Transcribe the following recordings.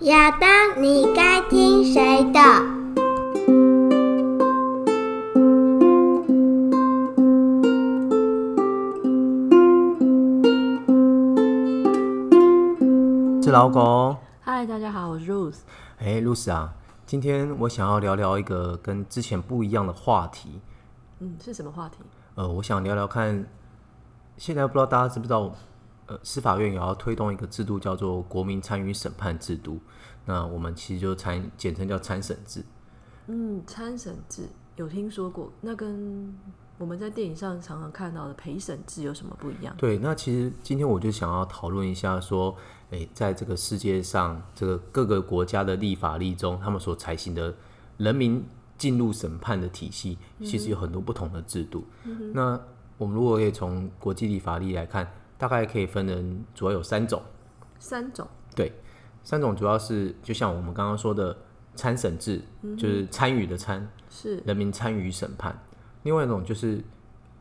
亞當，你該聽誰的？是老狗。嗨，大家好，我是 Ruth。哎，Ruth 啊，今天我想要聊聊一個跟之前不一樣的話題。嗯，是什麼話題？呃，我想聊聊看，現在不知道大家知不知道。呃，司法院也要推動一個制度，叫做國民參與審判制度。那我們其實就參，簡稱叫參審制。嗯，參審制有聽說過？那跟我們在電影上常常看到的陪審制有什麼不一樣？對，那其實今天我就想要討論一下，說，誒、欸，在這個世界上，這個各個國家的立法例中，他們所採行的人民進入審判的體系、嗯，其實有很多不同的制度。嗯、那我們如果可以從國際立法例來看。大概可以分成主要有三種，三種對，三種主要是就像我們剛剛說的參審制，嗯、就是參與的參是人民參與審判；另外一種就是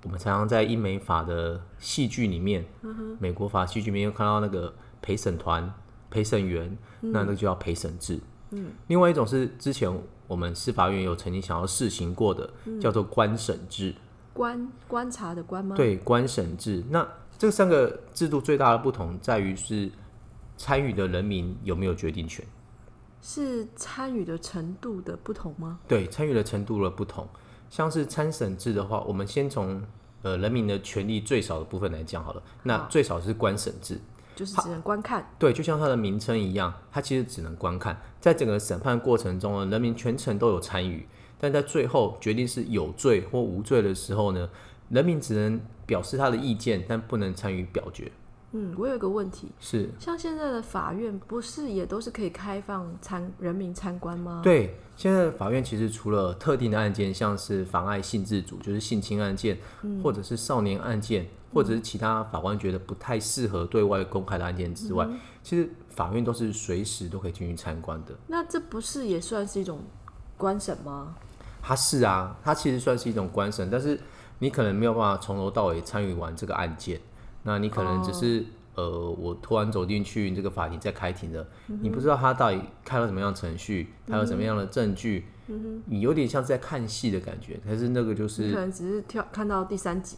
我們常常在英美法的戲劇裡面，嗯、美國法戲劇裡面有看到那個陪審團、陪審員，嗯、那那個就叫陪審制。嗯，另外一種是之前我們司法院有曾經想要試行過的，嗯、叫做觀審制，觀觀察的觀嗎？對，觀審制那，這三個制度最大的不同在於是參與的人民有沒有決定權？是參與的程度的不同嗎？對，參與的程度的不同。像是參審制的話，我們先從呃人民的權利最少的部分來講好了。那最少是觀審制，就是只能觀看。對，就像它的名稱一樣，它其實只能觀看。在整個審判過程中呢，人民全程都有參與，但在最後決定是有罪或無罪的時候呢？人民只能表示他的意見，但不能參與表決。嗯，我有一個問題是，像現在的法院不是也都是可以開放參人民參觀嗎？對，現在的法院其實除了特定的案件，像是妨礙性自主，就是性侵案件、嗯，或者是少年案件，或者是其他法官覺得不太適合對外公開的案件之外，嗯、其實法院都是隨時都可以進行參觀的。那這不是也算是一種觀審嗎？他是啊，它其實算是一種觀審，但是。你可能沒有辦法從頭到尾參與完這個案件，那你可能只是、哦、呃，我突然走進去這個法庭在開庭的，嗯、你不知道他到底開了什麼樣的程序，還有什麼樣的證據，嗯、你有點像是在看戲的感覺，但是那個就是你可能只是跳看到第三集，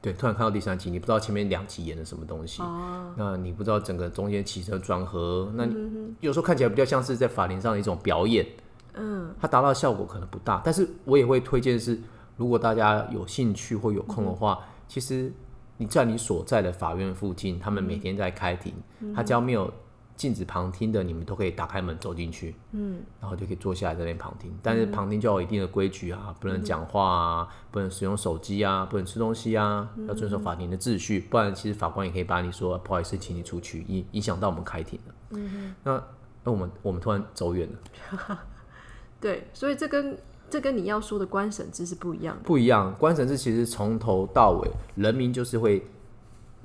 對，突然看到第三集，你不知道前面兩集演的什麼東西、哦，那你不知道整個中間起承轉合，那、嗯、有時候看起來比較像是在法庭上的一種表演，嗯，它達到的效果可能不大，但是我也會推薦是。如果大家有興趣或有空的話、嗯，其實你在你所在的法院附近，嗯、他們每天在開庭、嗯，他只要沒有禁止旁聽的，你們都可以打開門走進去，嗯，然後就可以坐下來在那邊旁聽。但是旁聽就有一定的規矩啊，嗯、不能講話啊，不能使用手機啊，不能吃東西啊、嗯，要遵守法庭的秩序，不然其實法官也可以把你說不好意思，請你出去，影影響到我們開庭了。嗯。那那我們我們突然走遠了， 對，所以這跟。這跟你要說的參審制是不一樣的。不一樣，參審制其實從頭到尾，人民就是會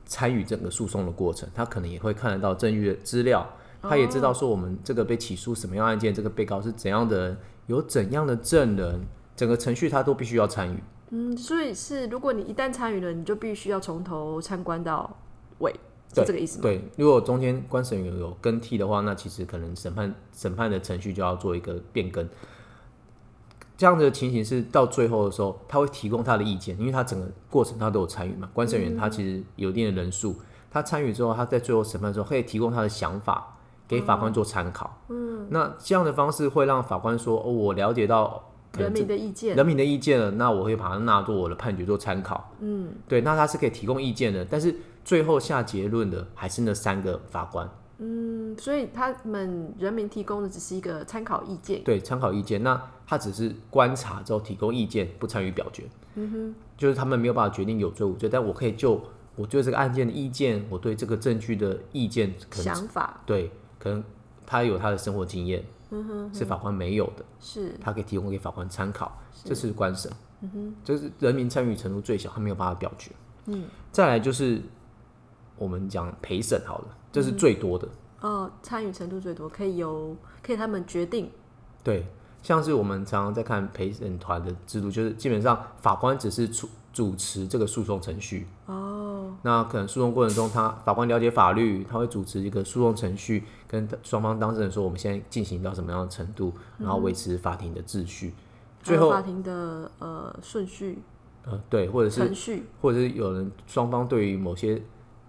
參與整個訴訟的過程。他可能也會看得到證據的資料，他也知道說我們這個被起訴什麼樣案件，Oh. 這個被告是怎樣的人，有怎樣的證人，整個程序他都必須要參與。嗯，所以是如果你一旦參與了，你就必須要從頭參觀到尾，是這個意思嗎？對，如果中間參審員有更替的話，那其實可能審判審判的程序就要做一個變更。這樣的情形是到最後的時候，他會提供他的意見，因為他整個過程他都有參與嘛。觀審員他其實有一定的人數、嗯，他參與之後，他在最後審判的時候可以提供他的想法給法官做參考。嗯，那這樣的方式會讓法官說：“哦，我了解到、欸、人民的意見，人民的意見了，那我會把它納入我的判決做參考。”嗯，對，那他是可以提供意見的，但是最後下結論的還是那三個法官。嗯，所以他們人民提供的只是一個參考意見，對，參考意見，那他只是觀察之後提供意見，不參與表決。嗯哼，就是他們沒有辦法決定有罪無罪，但我可以就我對這個案件的意見，我對這個證據的意見可能，想法，對，可能他有他的生活經驗，嗯哼哼，是法官沒有的，是，他可以提供給法官參考，這是觀審。嗯哼，就是人民參與程度最小，他沒有辦法表決。嗯，再來就是我們講陪審好了。這是最多的哦、嗯呃，參與程度最多，可以由可以他們決定。對，像是我們常常在看陪審團的制度，就是基本上法官只是主主持這個訴訟程序哦。那可能訴訟過程中，他法官了解法律，他會主持一個訴訟程序，跟雙方當事人說，我們現在進行到什麼樣的程度，嗯、然後維持法庭的秩序。最後法庭的呃順序，序。呃，對，或者是程序，或者是有人雙方對於某些。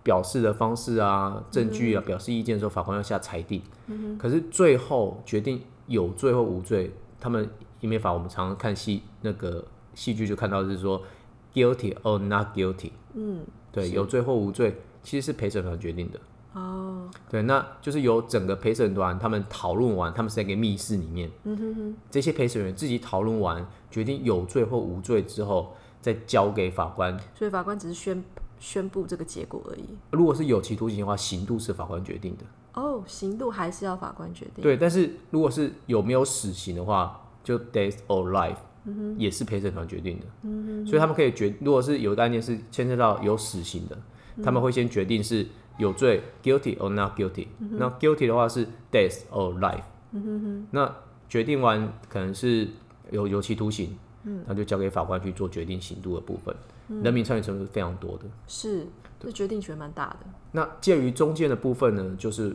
表示的方式啊，證據啊，表示意見的時候，法官要下裁定。嗯哼。可是最後決定有罪或無罪，嗯、他們英美法我們常常看戲那個戲劇就看到就是說、嗯、guilty or not guilty。嗯。對，有罪或無罪，其實是陪審團決定的。哦。對，那就是由整個陪審團他們討論完，他們是在一個密室裡面。嗯哼哼。這些陪審員自己討論完，決定有罪或無罪之後，再交給法官。所以法官只是宣。宣布這個結果而已。如果是有期徒刑的話，刑度是法官決定的。哦，刑度還是要法官決定。對，但是如果是有沒有死刑的話，就 death or life，嗯，也是陪審團決定的。嗯哼哼。所以他們可以決，如果是有一個案件是牽涉到有死刑的，嗯，他們會先決定是有罪 guilty or not guilty，嗯。那 guilty 的話是 death or life。嗯哼哼。那決定完可能是有有期徒刑，嗯，他那就交給法官去做決定刑度的部分。人民參與程度是非常多的，嗯，是，這決定權蠻大的。那介於中間的部分呢，就是，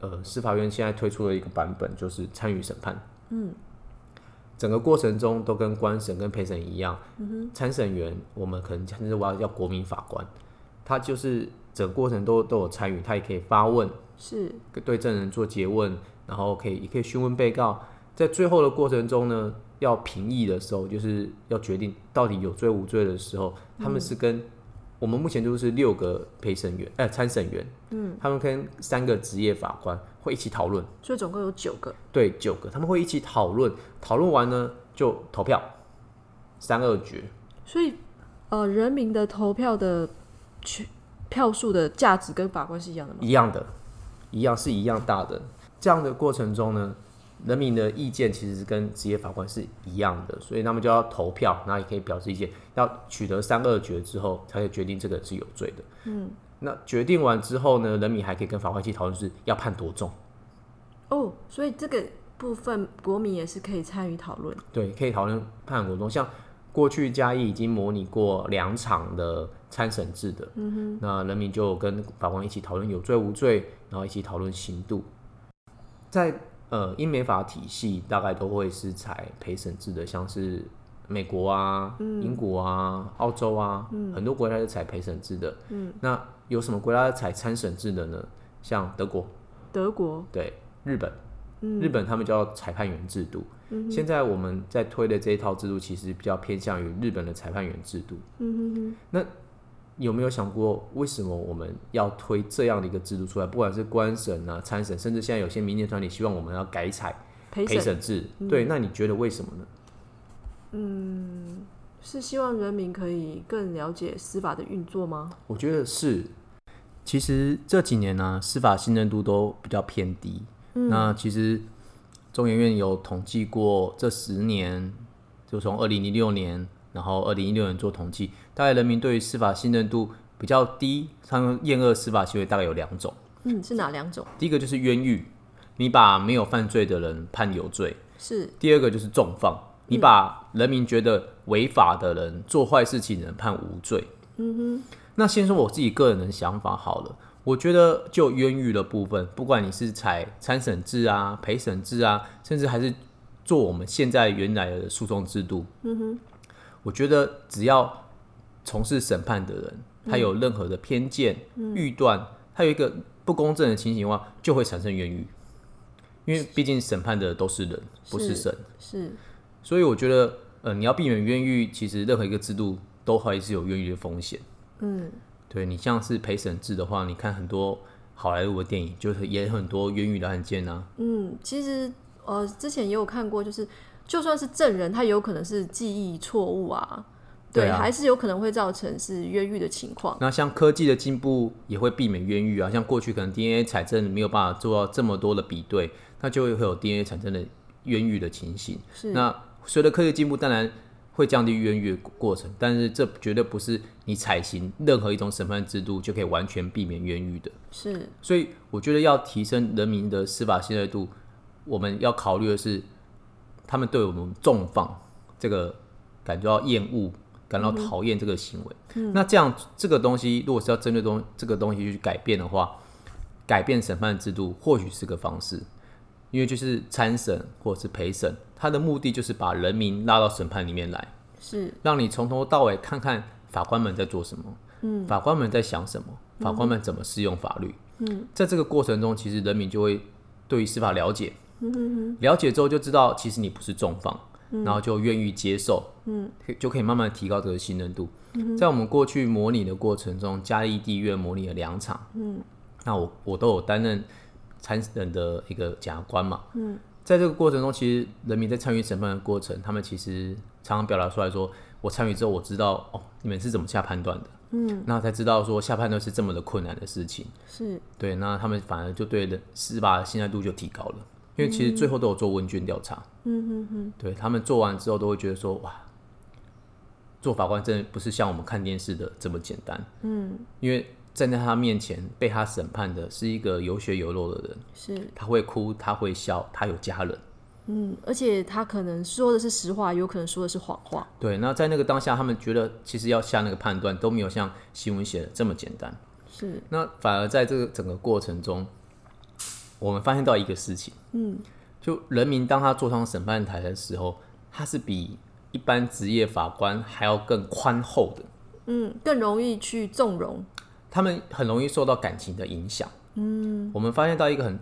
呃，司法院現在推出了一個版本，就是參與審判。嗯，整個過程中都跟觀審跟陪審一樣，參、嗯、審員我們可能就是我要叫國民法官，他就是整個過程都都有參與，他也可以發問，是，對證人做詰問，然後可以也可以詢問被告，在最後的過程中呢。要評議的時候，就是要決定到底有罪無罪的時候，嗯、他們是跟我們目前就是六個陪審員，哎、欸，參審員，嗯，他們跟三個職業法官會一起討論，所以總共有九個，對，九個，他們會一起討論，討論完呢就投票，三二決。所以，呃，人民的投票的票數的價值跟法官是一樣的嗎？一樣的，一樣是一樣大的。這樣的過程中呢？人民的意見其實是跟職業法官是一樣的，所以他們就要投票，然後也可以表示意見，要取得三二決之後，才可以決定這個是有罪的。嗯，那決定完之後呢，人民還可以跟法官一起討論是要判多重。哦，所以這個部分國民也是可以參與討論。對，可以討論判多重。像過去嘉義已經模擬過兩場的參審制的，嗯哼，那人民就跟法官一起討論有罪無罪，然後一起討論刑度，在。呃，英美法體系大概都會是採陪審制的，像是美國啊、嗯、英國啊、澳洲啊，嗯、很多國家是採陪審制的、嗯。那有什麼國家採參審制的呢？像德國。德國。對，日本。嗯、日本他們叫裁判員制度、嗯。現在我們在推的這一套制度，其實比較偏向於日本的裁判員制度。嗯哼哼。那。你有沒有想過，為什麼我們要推這樣的一個制度出來？不管是觀審啊、參審，甚至現在有些民間團體希望我們要改採陪審制、嗯，對？那你覺得為什麼呢？嗯，是希望人民可以更了解司法的運作嗎？我覺得是。其實這幾年呢、啊，司法信任度都比較偏低、嗯。那其實中研院有統計過，這十年就從二零零六年，然後二零一六年做統計。大概人民對於司法信任度比較低，他們厭惡司法行為大概有兩種。嗯，是哪兩種？第一個就是冤獄，你把沒有犯罪的人判有罪。是。第二個就是重放，你把人民覺得違法的人、嗯、做壞事情的人判無罪。嗯哼。那先說我自己個人的想法好了，我覺得就冤獄的部分，不管你是採參審制啊、陪審制啊，甚至還是做我們現在原來的訴訟制度，嗯哼，我覺得只要。從事審判的人，他有任何的偏見、嗯、預斷，他有一個不公正的情形的話，嗯、就會產生冤獄。因為畢竟審判的都是人，是，不是神，是。所以我覺得，呃，你要避免冤獄，其實任何一個制度都還是有冤獄的風險。嗯，對你像是陪審制的話，你看很多好萊塢的電影，就是也很多冤獄的案件啊。嗯，其實呃，之前也有看過，就是就算是證人，他也有可能是記憶錯誤啊。對，對、啊，還是有可能會造成是冤獄的情況。那像科技的進步也會避免冤獄啊，像過去可能 DNA 採證沒有辦法做到這麼多的比對，那就會會有 DNA 產生的冤獄的情形。是。那隨着科技的進步，當然會降低冤獄的過程，但是這絕對不是你採行任何一種審判制度就可以完全避免冤獄的。是。所以我覺得要提升人民的司法信任度，我們要考慮的是他們對我們縱放這個感覺到厭惡。感到討厭這個行為。嗯、那這樣這個東西，如果是要針對東這個東西去改變的話，改變審判制度或許是個方式，因為就是參審或者是陪審，他的目的就是把人民拉到審判裡面來，是讓你從頭到尾看看法官們在做什麼，嗯，法官們在想什麼，法官們怎麼適用法律，嗯，在這個過程中，其實人民就會對於司法了解，了解之後就知道其實你不是重犯。嗯、然後就願意接受，嗯，就可以慢慢提高這個信任度。嗯。在我們過去模擬的過程中，嘉義地院模擬了兩場，嗯，那我我都有擔任參審的一個檢察官嘛，嗯，在這個過程中，其實人民在參與審判的過程，他們其實常常表達出來說，我參與之後，我知道哦，你們是怎麼下判斷的，嗯，那才知道說下判斷是這麼的困難的事情，是對，那他們反而就對司法信任度就提高了。因為其實最後都有做問卷調查，嗯嗯嗯，對他們做完之後都會覺得說哇，做法官真的不是像我們看電視的這麼簡單，嗯，因為站在他面前被他審判的是一個有血有肉的人，是，他會哭，他會笑，他有家人，嗯，而且他可能說的是實話，有可能說的是謊話，對，那在那個當下，他們覺得其實要下那個判斷都沒有像新聞寫的這麼簡單，是，那反而在這個整個過程中。我們發現到一個事情，嗯，就人民當他坐上審判台的時候，他是比一般職業法官還要更寬厚的，嗯，更容易去縱容，他們很容易受到感情的影響，嗯。我們發現到一個很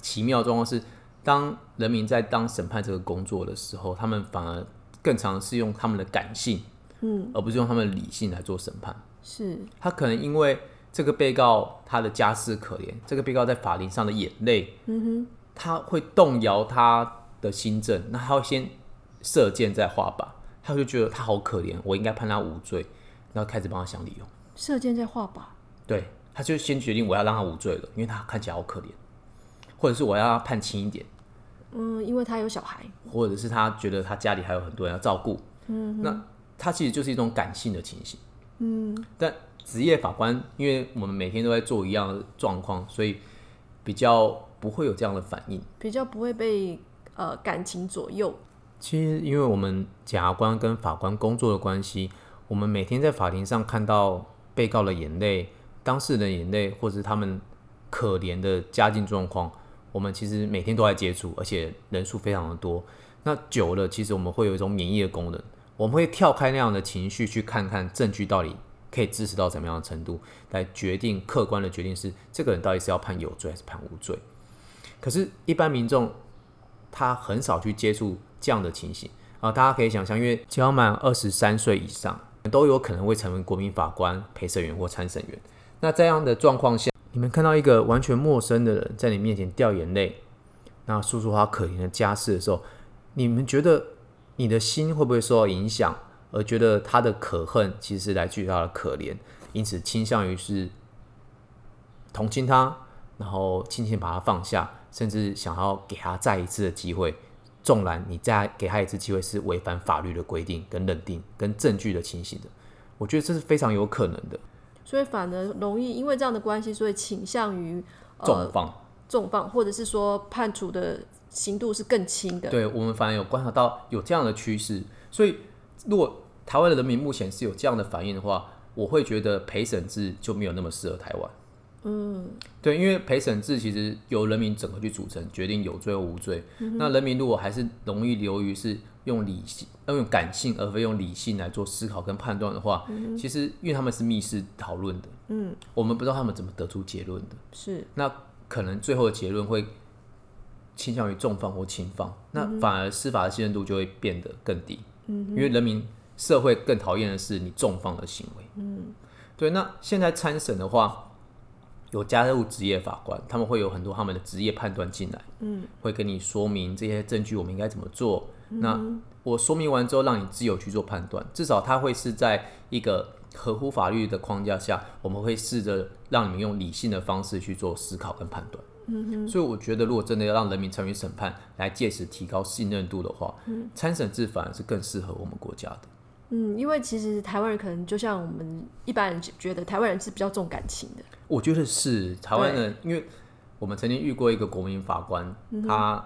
奇妙的狀況是，當人民在當審判這個工作的時候，他們反而更常是用他們的感性，嗯，而不是用他們的理性來做審判，是他可能因為。這個被告他的家世可憐，這個被告在法庭上的眼淚，嗯哼，他會動搖他的心證。那他會先射箭再畫靶，他就覺得他好可憐，我應該判他無罪，然後開始幫他想理由。射箭再畫靶，對，他就先決定我要讓他無罪了，因為他看起來好可憐，或者是我要判輕一點。嗯，因為他有小孩，或者是他覺得他家裡還有很多人要照顧。嗯，那他其實就是一種感性的情形。嗯，但，職業法官，因為我們每天都在做一樣的狀況，所以比較不會有這樣的反應，比較不會被呃感情左右。其實，因為我們檢察官跟法官工作的關係，我們每天在法庭上看到被告的眼淚、當事人的眼淚，或者他們可憐的家境狀況，我們其實每天都在接觸，而且人數非常的多。那久了，其實我們會有一種免疫的功能，我們會跳開那樣的情緒，去看看證據到底。可以支持到怎麼樣的程度，來決定客觀的決定是這個人到底是要判有罪還是判無罪？可是，一般民眾他很少去接觸這樣的情形啊。大家可以想象，因為只要滿二十三歲以上，都有可能會成為國民法官、陪審員或參審員。那這樣的狀況下，你們看到一個完全陌生的人在你面前掉眼淚，那訴說他可憐的家事的時候，你們覺得你的心會不會受到影響？而覺得他的可恨，其實來自於他的可憐，因此傾向於是同情他，然後輕輕把他放下，甚至想要給他再一次的機會。縱然你再給他一次機會，是違反法律的規定、跟認定、跟證據的情形的，我覺得這是非常有可能的。所以反而容易因為這樣的關係，所以傾向於、呃、重放、重放，或者是說判處的刑度是更輕的。對我們反而有觀察到有這樣的趨勢，所以如果。台灣的人民目前是有這樣的反應的話，我會覺得陪審制就沒有那麼適合台灣。嗯，對，因為陪審制其實由人民整個去組成，決定有罪或無罪、嗯。那人民如果還是容易流於是用理性，要用感性而非用理性來做思考跟判斷的話、嗯，其實因為他們是密室討論的，嗯，我們不知道他們怎麼得出結論的。是，那可能最後的結論會傾向於重方或輕方、嗯、那反而司法的信任度就會變得更低。嗯，因為人民。社會更討厭的是你縱放的行為。嗯，對。那現在參審的話，有加入職業法官，他們會有很多他們的職業判斷進來。嗯，會跟你說明這些證據我們應該怎麼做。嗯、那我說明完之後，讓你自由去做判斷。至少他會是在一個合乎法律的框架下，我們會試着讓你們用理性的方式去做思考跟判斷。嗯哼。所以我覺得，如果真的要讓人民參與審判，來借此提高信任度的話、嗯，參審制反而是更適合我們國家的。嗯，因為其實台灣人可能就像我們一般人覺得，台灣人是比較重感情的。我覺得是台灣人，因為我們曾經遇過一個國民法官，嗯，他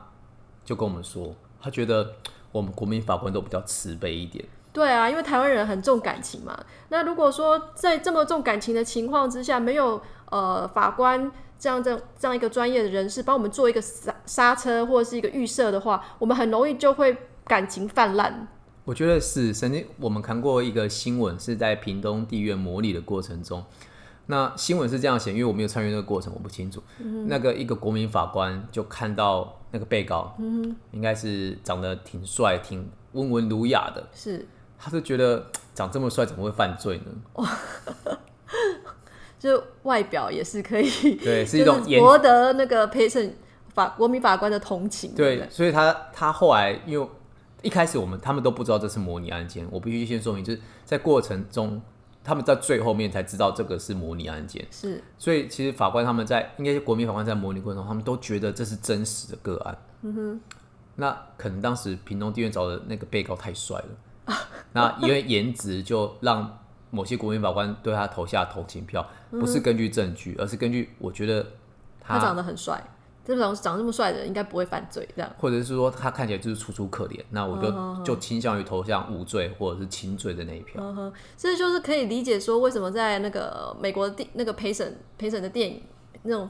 就跟我們說，他覺得我們國民法官都比較慈悲一點。對啊，因為台灣人很重感情嘛。那如果說在這麼重感情的情況之下，沒有呃法官這樣這這樣一個專業的人士幫我們做一個剎剎車或者是一個預設的話，我們很容易就會感情泛濫。我覺得是曾經。我們看過一個新聞，是在屏東地院模擬的過程中，那新聞是這樣寫，因為我沒有參與那個過程，我不清楚、嗯。那個一個國民法官就看到那個被告，嗯、應該是長得挺帥、挺溫文儒雅的，是，他就覺得長這麼帥怎麼會犯罪呢？哇 就外表也是可以，對，是一種博、就是、得那個陪審法國民法官的同情。對，對對，所以他他後來因為。一開始我們他們都不知道這是模擬案件，我必須先說明，就是在過程中，他們在最後面才知道這個是模擬案件。是，所以其實法官他們在，應該是國民法官在模擬過程中，他們都覺得這是真實的個案。嗯哼。那可能當時屏東地院找的那個被告太帥了、啊，那因為顏值就讓某些國民法官對他投下投情票、嗯，不是根據證據，而是根據我覺得他，他長得很帥。這是長這麼帥的人應該不會犯罪，這樣。或者是說他看起來就是楚楚可憐，那我就、uh、-huh -huh. 就傾向於投向無罪或者是輕罪的那一票。Uh -huh. 這就是可以理解說，為什麼在那個美國的電那個陪審陪審的電影那種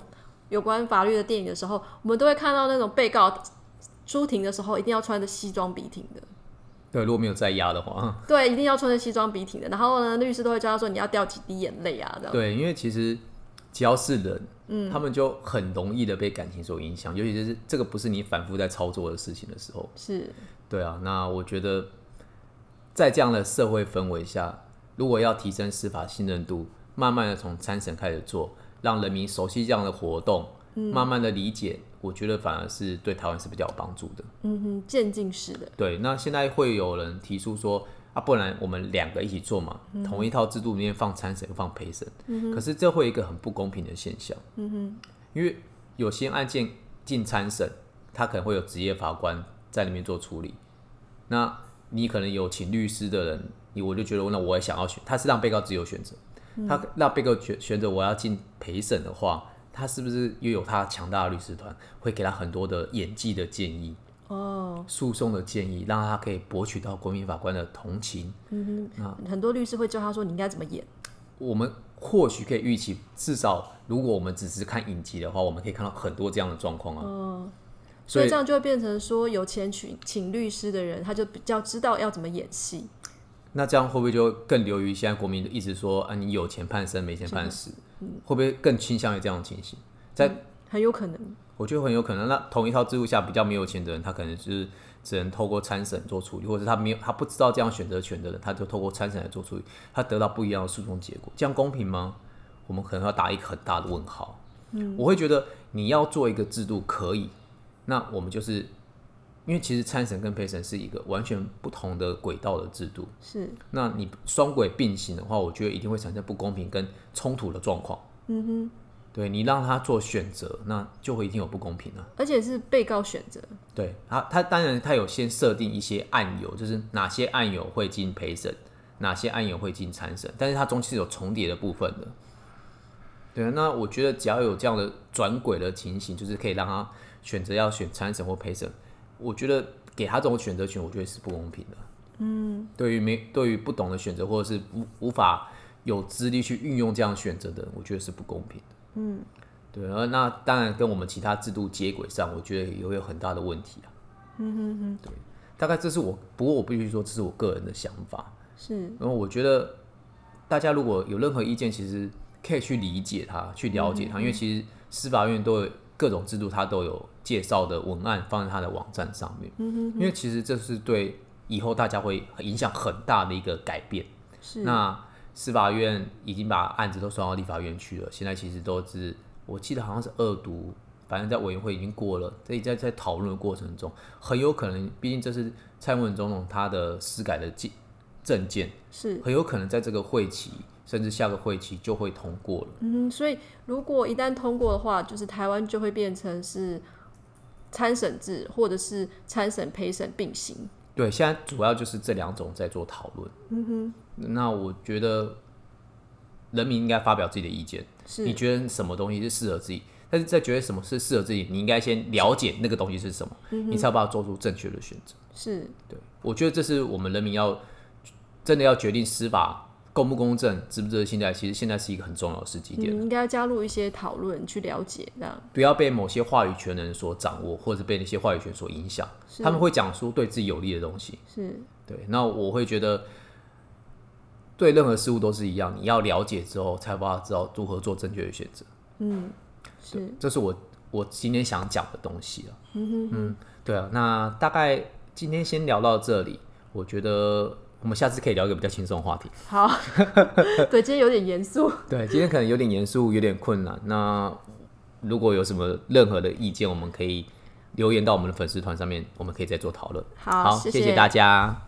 有關法律的電影的時候，我們都會看到那種被告出庭的時候一定要穿着西裝筆挺的。對，如果沒有在押的話。 對，一定要穿着西裝筆挺的。然後呢，律師都會教他說你要掉幾滴眼淚啊，這樣。對，因為其實。只要是人，嗯，他們就很容易的被感情所影響，尤其是這個不是你反覆在操作的事情的時候，是，對啊。那我覺得，在這樣的社會氛圍下，如果要提升司法信任度，慢慢的從參審開始做，讓人民熟悉這樣的活動，嗯，慢慢的理解，我覺得反而是對台灣是比較有幫助的。嗯哼，漸進式的。對，那現在會有人提出說。啊、不然我們兩個一起做嘛，同一套制度裡面放參審，放陪審、嗯，可是這會一個很不公平的現象。嗯、因為有些案件進參審，他可能會有職業法官在裡面做處理。那你可能有請律師的人，你我就覺得，那我也想要選，他是讓被告自由選擇、嗯。他讓被告選選擇我要進陪審的話，他是不是又有他強大的律師團會給他很多的演技的建議？哦、oh.，訴訟的建議讓他可以博取到國民法官的同情。嗯哼，啊，很多律師會教他說，你應該怎麼演。我們或許可以預期，至少如果我們只是看影集的話，我們可以看到很多這樣的狀況啊。哦、oh.，所以這樣就會變成說有錢請請律師的人，他就比較知道要怎麼演戲。那這樣會不會就更流於現在國民的一直說啊，你有錢判生，沒錢判死？會不會更傾向於這樣的情形？嗯、在很有可能，我覺得很有可能。那同一套制度下，比較沒有錢的人，他可能就是只能透過參審做處理，或者他沒有他不知道這樣選擇權的人，他就透過參審來做處理，他得到不一樣的訴訟結果，這樣公平嗎？我們可能要打一個很大的問號。嗯，我會覺得你要做一個制度可以，那我們就是因為其實參審跟陪審是一個完全不同的軌道的制度，是。那你雙軌並行的話，我覺得一定會產生不公平跟衝突的狀況。嗯哼。對，你讓他做選擇，那就會一定有不公平了。而且是被告選擇。對他，他當然他有先設定一些案由，就是哪些案由會進陪審，哪些案由會進參審，但是他中期是有重疊的部分的。對，那我覺得只要有這樣的轉軌的情形，就是可以讓他選擇要選參審或陪審，我覺得給他這種選擇權，我覺得是不公平的。嗯，對於沒對於不懂的選擇，或者是無無法有資歷去運用這樣選擇的，我覺得是不公平的。嗯，對，然後那當然跟我們其他制度接軌上，我覺得也會有很大的問題啊。嗯哼哼，對，大概這是我，不過我必須說，這是我個人的想法。是，然後我覺得大家如果有任何意見，其實可以去理解它，去了解它，嗯哼哼。因為其實司法院都有各種制度，它都有介紹的文案放在它的網站上面。嗯哼哼，因為其實這是對以後大家會影響很大的一個改變。是，那。司法院已經把案子都送到立法院去了。現在其實都是，我記得好像是二讀，反正在委員會已經過了，在在在討論的過程中，很有可能，畢竟這是蔡英文總統他的司改的證政見，是很有可能在這個會期，甚至下個會期就會通過了。嗯哼，所以如果一旦通過的話，就是台灣就會變成是參審制，或者是參審陪審並行。對，現在主要就是這兩種在做討論。嗯哼。那我覺得，人民應該發表自己的意見。是，你覺得什麼東西是適合自己？但是在覺得什麼是適合自己，你應該先了解那個東西是什麼，嗯、你才要把它做出正確的選擇。是，對，我覺得這是我們人民要真的要決定司法公不公正、值不值得信賴。現在其實現在是一個很重要的時機點，你應該要加入一些討論，去了解這樣，不要被某些話語權人所掌握，或者被那些話語權所影響。他們會講出對自己有利的東西。是對，那我會覺得。對任何事物都是一樣，你要了解之後，才不知道知道如何做正確的選擇。嗯，是，對，這是我我今天想講的東西啊。嗯哼哼嗯，對啊，那大概今天先聊到這裡。我覺得我們下次可以聊一個比較輕鬆的話題。好， 對，今天有點嚴肅。對，今天可能有點嚴肅，有點困難。那如果有什麼任何的意見，我們可以留言到我們的粉絲團上面，我們可以再做討論。好，好謝謝，謝謝大家。